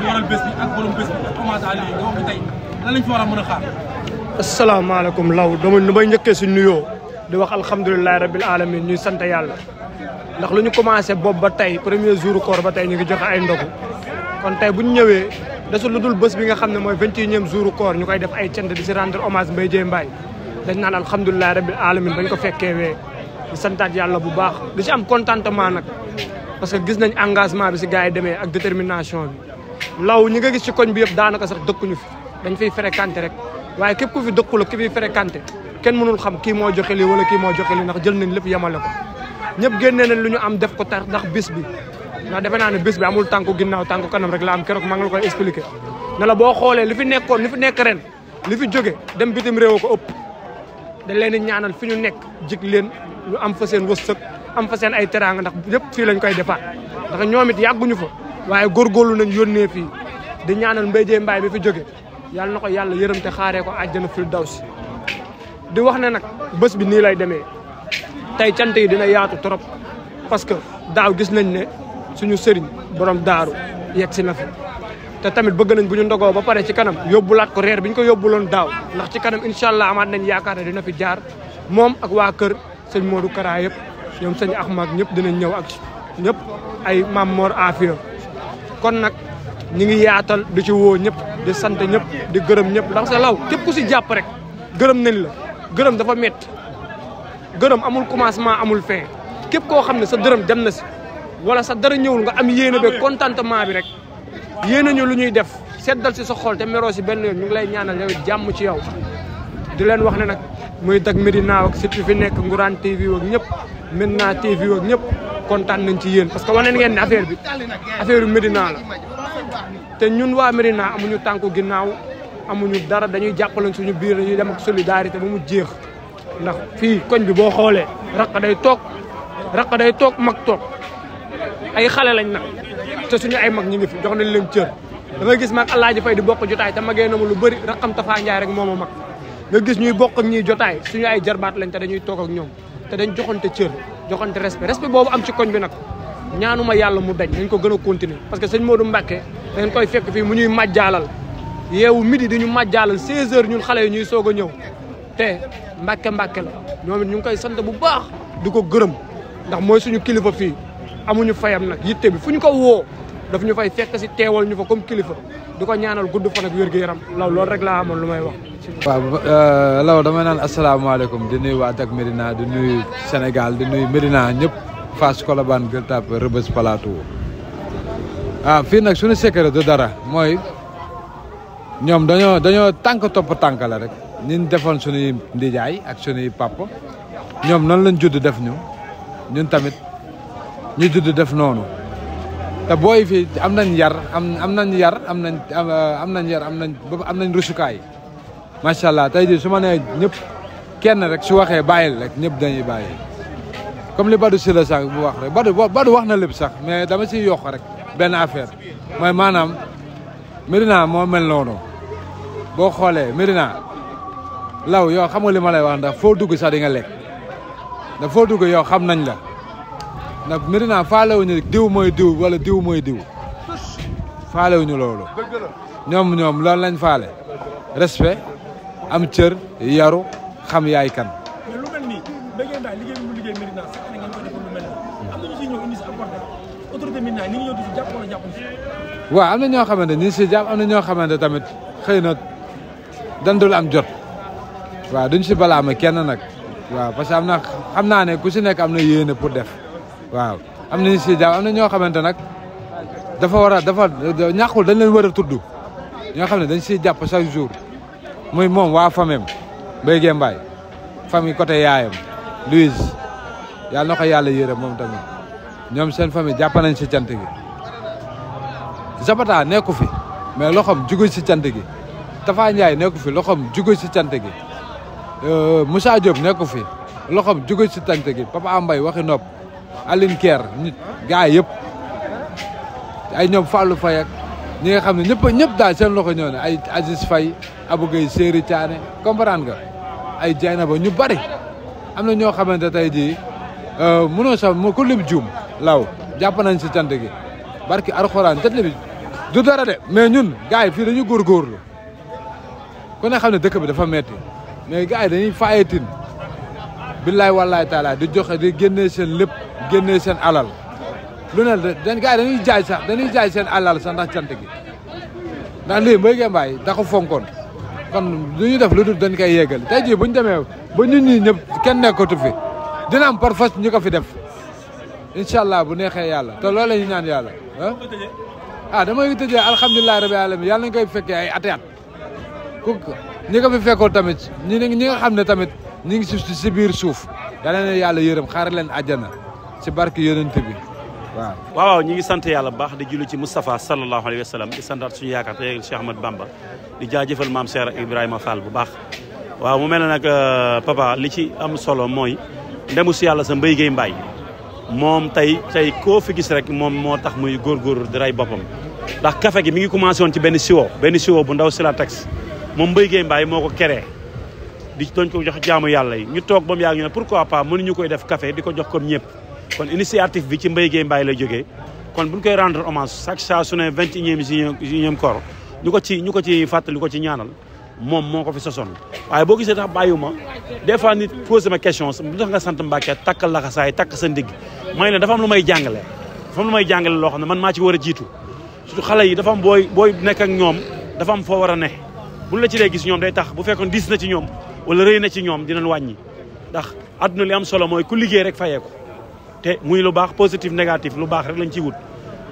ñu waral bés bi ak borom bés bi fi war mën a xaar. asalaamaaleykum law dama nu may njëkkee si nuyoo di wax alhamdulilah rabil alamin ñuy sant yàlla ndax lu ñu commencé boobu ba tey premier jour koor ba tey ñu ngi joxe ay ndogu kon tey bu ñu ñëwee desul lu dul bés bi nga xam ne mooy vingt et unième jour koor ñu koy def ay cant di si rendre hommage Mbaye Dieye dañ naan alhamdulilah rabil alamin bañ ko fekkee wee di santaat yàlla bu baax di si am contentement nag parce que gis nañ engagement bi si gars yi demee ak détermination bi law ñi nga gis ci koñ bi yëpp daanaka sax dëkkuñu fi dañ fiy fréquenté rek waaye képp ku fi dëkkul ki fiy fréquenté kenn munul xam kii moo joxe lii wala kii moo joxe lii ndax jël nañ lépp yemale ko ñëpp génnee nañ lu ñu am def ko tar ndax bis bi ndax defe naa ne bis bi amul tànku ginnaaw tànku kanam rek la am keroog maa ngi la koy boo xoolee li fi nekkoon li fi nekk ren li fi jóge dem bitim réew ko ë dañ leen di ñaanal fi ñu nekk jig leen ñu am fa seen wëssëg am fa seen ay teraanga ndax yëpp fii lañ koy defaat ndax ñoom it yàgguñu fa waaye góorgóorlu nañ yónnee fii di ñaanal Mbaye Dieye Mbaye bi fi jóge yàlla na ko yàlla yërëm te xaaree ko àjjana daw si di wax ne nag bés bi nii lay demee tey cant dina yaatu trop parce que daaw gis nañ ne suñu sëriñ borom daaru yeg si na fi te tamit bëgg nañ bu ñu ndogoo ba pare ci kanam yóbbulaat ko reer bi ñu ko yóbbuloon daaw ndax ci kanam incha allah amaat nañ yaakaar ne dina fi jaar moom ak waa kër sëñ Modou Kara yëpp ñoom sëñ maak ñëpp dinañ ñëw ak ñëpp ay Mam Mor Afia kon nag ñi ngi yaatal di ci woo ñëpp di sant ñëpp di gërëm ñëpp ndax sa law képp ku si jàpp rek gërëm nañ la gërëm dafa métti gërëm amul commencement amul fin képp koo xam ne sa dërëm dem na si wala sa dara ñëwul nga am yéene be contentement bi rek yéene ñu lu ñuy def seddal si sa xol te meroo si benn yoon ñu ngi lay ñaanal yow jàmm ci yow di leen wax ne nag muy dag Médina ak sit fi nekk Ngourane TV ak ñëpp Médina TV ak ñëpp kontaan nañ ci yéen parce que wane ngeen ne affaire bi affaire yu Médina la te ñun waa Médina amuñu tànku ginnaaw amuñu dara dañuy jàppale suñu biir dañuy dem ak solidarité ba mu jeex ndax fii koñ bi boo xoolee raq day toog raq day toog mag toog ay xale lañ nag su suñu ay mag ñi ngi fi jox nañ leen cër da nga gis maag Alaaji Fay di bokk jotaay te magee na ma lu bëri raqam Tafa Njaay rek moo ma mag nga gis ñuy bokk ñuy ñiy jotaay suñu ay jarbaat lañ te dañuy toog ak ñoom te dañ joxante cër joxante respect respect boobu am ci koñ bi nag ñaanuma yàlla mu dañ dañ ko gën a continuer parce que sëñ Modou Mbacké da ngeen koy fekk fii mu ñuy majjaalal yeewu midi di ñu majjaalal 16 heures ñun xale yi ñuy soog a ñëw te Mbacké Mbacké la ñoom it ñu ngi koy sant bu baax di ko gërëm ndax mooy suñu kilifa fii amuñu fayam nag yitte bi fu ñu ko woo daf ñu fay fekk si teewal ñu fa comme kilifa du ko ñaanal gudd fan ak wér-gu-yaram law loolu rek laa amoon lu may wax waaw euh, Law damay naan asalaamaaleykum di nuyu waa Dak Médina di nuy Sénégal di nuyu Médina ñëpp Fass Colobane Gueule Tapée Rebeuss Plateau ah fii nag suñu secret du dara mooy ñoom dañoo dañoo tànk topp tànk rek ñun defoon suñuy ndijaay ak suñuy papa ñoom nan lañ judd def ñu ñun tamit ñu judd def noonu te booy fi am nañ yar am am nañ yar am nañ am nañ yar am nañ am nañ rusukaay macha allah tey jii su ma ñëpp kenn rek su waxee bàyyil rek ñëpp dañuy bàyyi comme li Badou Sylla sax bu wax rek Badou Badou wax na lépp sax mais dama siy yokk rek benn affaire mooy maanaam Médina moo mel noonu boo xoolee Médina law yoo xam nga li ma lay wax ndax foo dugg sax di nga lekk foo dugg yow xam nañ la ndax Médina rek diw mooy diw wala diw mooy diw faalewuñu loolu ñoom ñoom loolu lañ faale respect am cër yaru xam yaay kan. am na waaw am na ñoo xamante ni si jàpp am na ñoo xamante tamit xëy na dandul am jot waaw duñ si balaama kenn nag waaw parce que am na xam naa ne ku si nekk am na yéene pour def waaw am na ñu si jàpp am na ñoo xamante nag dafa war a dafa ñàkkul dañ leen war a tudd ñoo xam ne dañ siy jàpp chaque jour. muy moom waa famem Mbaye Gueye Mbaye famille côté yaayam Louise yàlla na ko yàlla yére moom tamit ñoom seen famille jàpp nañ si cant gi Zapata nekku fi mais loxoom jugu si cant gi Tafa Ndiaye nekku fi loxoom jugu si cant gi euh, Moussa Diop nekku fi loxoom jugu si cant gi Papa Mbaye waxi nopp Aline Kerr nit gars yëpp ay ñoom Fallou Faye ñi nga xam ne ñëpp ñëpp daal seen loxo ñëw ne ay Aziz Faye Abou Gueye Séri Thiané comprendre nga ay jaay Dieynaba ñu bari am na ñoo xamante tey jii euh, mënoo sax mu ko lim juum law jàpp nañ si cant gi barki arxuraan tet bi du dara de mais ñun gars yi fii dañu góor ku ne xam ne dëkk bi dafa metti mais gars yi dañuy faayatin billaay wallaay taala di joxe di génnee seen lépp génnee seen alal lu ne dañ gars yi dañuy jaay sax dañuy jaay seen àllal san ndax cant gi ndax lii mooy ngeen bàyyi da ko fonkoon kon lu ñuy def lu dul dañ koy yeggal tey jii bu ñu demee ba nit ñi ñëpp kenn nekkatu fi dina am par force ñu ko fi def incha allah bu neexee yàlla te loolu la ñu ñaan yàlla ah. ah damay tëjee alhamdulilah rabbi alamin yàlla nañu koy fekkee ay at at ku ko fi fekkoon tamit ñi ñi nga xam ne tamit ñu ngi si si biir suuf yal na yàlla yërëm xaar leen àjjana si barke yonent bi. waaw waaw ñi ngi sant yàlla bu baax di julli ci Moustapha sallallahu alayhi wa sallam di santaat suñu yaakaar te yegal Cheikh Ahmad Bamba di jaajëfal maam Cheikh Ibrahima Fall bu baax waaw mu mel ne nag euh, papa li ci am solo mooy ndemu yàlla sa mbéy gay mbaay moom tey tey koo fi gis rek moom moo tax muy góor di rey boppam ndax kafe gi mi ngi commencé woon ci benn siwo benn siwo bu ndaw si la tax moom mbéy gay mbaay moo ko keree di doñ ko jox jaamu yàlla yi ñu toog ba mu yàgg ñu ne pourquoi pas mënuñu koy def café di ko jox comme ñëpp kon initiative bi ci Mbaye Gueye Mbaye la jógee kon bu ñu koy rendre hommage chaque saa su ne vingt et unième unième corps ñu ko ci ñu ko ci fàttali ko ci ñaanal moom moo ko fi sosoon waaye boo gisee tax bàyyiwuma des fois nit posé ma question bu tax nga sant Mbàkke takkal la xasaay takk sa ndigg may ne dafa am lu may jàngale dafa am lu may jàngale loo xam ne man maa ci war a jiitu surtout xale yi dafa am booy booy nekk ak ñoom dafa am foo war a ne buñ la ci dee gis ñoom day tax bu fekkoon diis na ci ñoom wala rëy na ci ñoom dinañ wàññi ndax àdduna li am solo mooy ku liggéey rek fayee te muy lu baax positif négatif lu baax rek lañ ciy wut.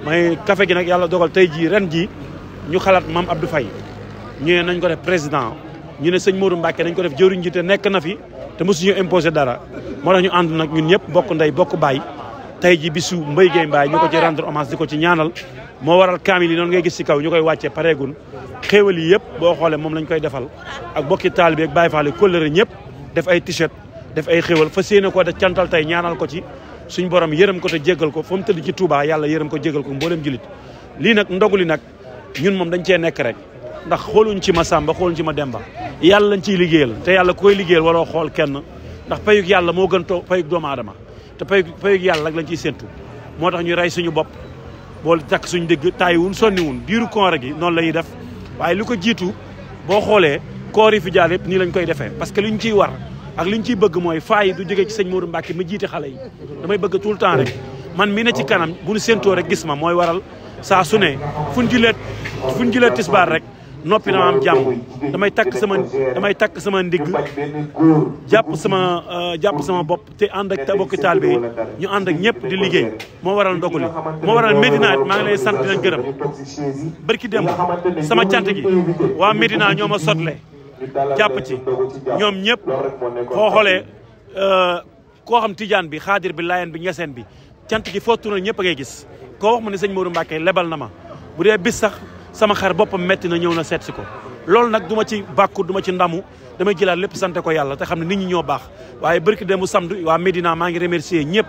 may café gi nag yàlla dogal tey jii ren jii ñu xalaat maam Abdou Faye ñu ne nañ ko def président ñu ne sëñ Modou Mbacke nañ ko def jëwriñ ji te nekk na fi te mosuñu imposé dara moo tax ñu ànd nag ñun ñëpp bokk ndey bokk baay tey ji bisu Mbaye Gueye Mbaye ñu ko ci rendre hommage di ko ci ñaanal moo waral kaamil yi noonu ngay gis si kaw ñu koy wàccee pareegun xéewal yi yëpp boo xoolee moom lañ koy defal ak bokki taalibe ak Baay Faal yi kóllëre ñëpp def ay t-shirt def ay xéewal fas yéene koo ko ci suñ borom yërëm ko te jéggal ko fa mu tëdd ci tubaa yàlla yërëm ko jéggal ko mboolem julit lii nag ndogu li nag ñun moom dañ cee nekk rek ndax xooluñ ci ma Samba xooluñ ci ma Demba yàlla lañ ciy liggéeyal te yàlla koy liggéeyal waroo xool kenn ndax payug yàlla moo gën too payug doomu aadama te payug payug yàlla lañ ciy séntu moo tax ñu rey suñu bopp bool takk suñ dégg taay wun sonni wun diiru koor gi noonu la ñuy def waaye lu ko jiitu boo xoolee koor yi fi jaar nii lañ koy defee parce que luñ ciy war ak li ñu ciy bëgg mooy faa du jógee ci sëñ Modou Mbacke mi jiite xale yi damay bëgg tout le temps rek man mi ne ci kanam bu ñu rek gis ma mooy waral saa su ne fu ñu jilee fu ñu tisbaar rek noppi dama am jàmm damay takk sama damay takk sama ndigg jàpp sama euh, jàpp sama bopp te ànd ak bokki taal bi ñu ànd ak ñëpp di liggéey moo waral ndogu li moo waral Médina it maa ngi lay sant di gërëm barki dem sama cant gi waa Médina ñoo ma sotle jàpp ci ñoom ñëpp foo xoolee euh, koo xam tijaan bi xaadir bi layen bi ñeseen bi cant gi foo tourné ñëpp a ngay gis ko wax mu ne sañ Modou Mbacké lebal na ma bu dee bis sax sama xar boppam metti na ñëw na seet si ko loolu nag du ma ci bàkku du ci ndamu dama jëlaat lépp sante ko yàlla te xam ne nit ñi ñoo baax waaye barki demu samedi waa Médina maa ngi remercier ñëpp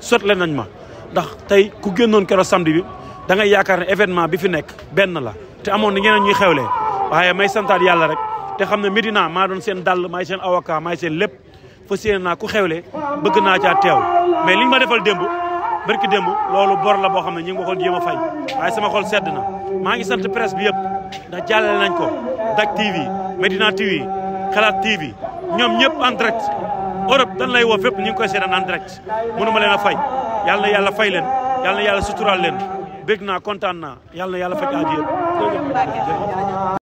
sotle nañ ma ndax tey ku génnoon keroog samedi bi da ngay yaakaar ne événement bi fi nekk benn la te amoon na ñeneen ñuy may santaat yàlla rek te xam ne Médina maa doon seen dàll maay seen avocat maay seen lépp fa séen naa ku xewle bëgg naa caa teew mais liñ ma defal démb barki démb loolu bor la boo xam ne ñi ngi waxoon jéem a fay waaye sama xol sedd na maa ngi sant presse bi yëpp ndax jàllale nañ ko Dak TV Médina TV Xalaat TV ñoom ñëpp en direct Europe dañ lay woo fépp ñu ngi koy seetaan en direct mënu ma leen a fay yàlla na yàlla fay leen yàlla na yàlla sutural leen bég naa kontaan naa yàlla na yàlla faj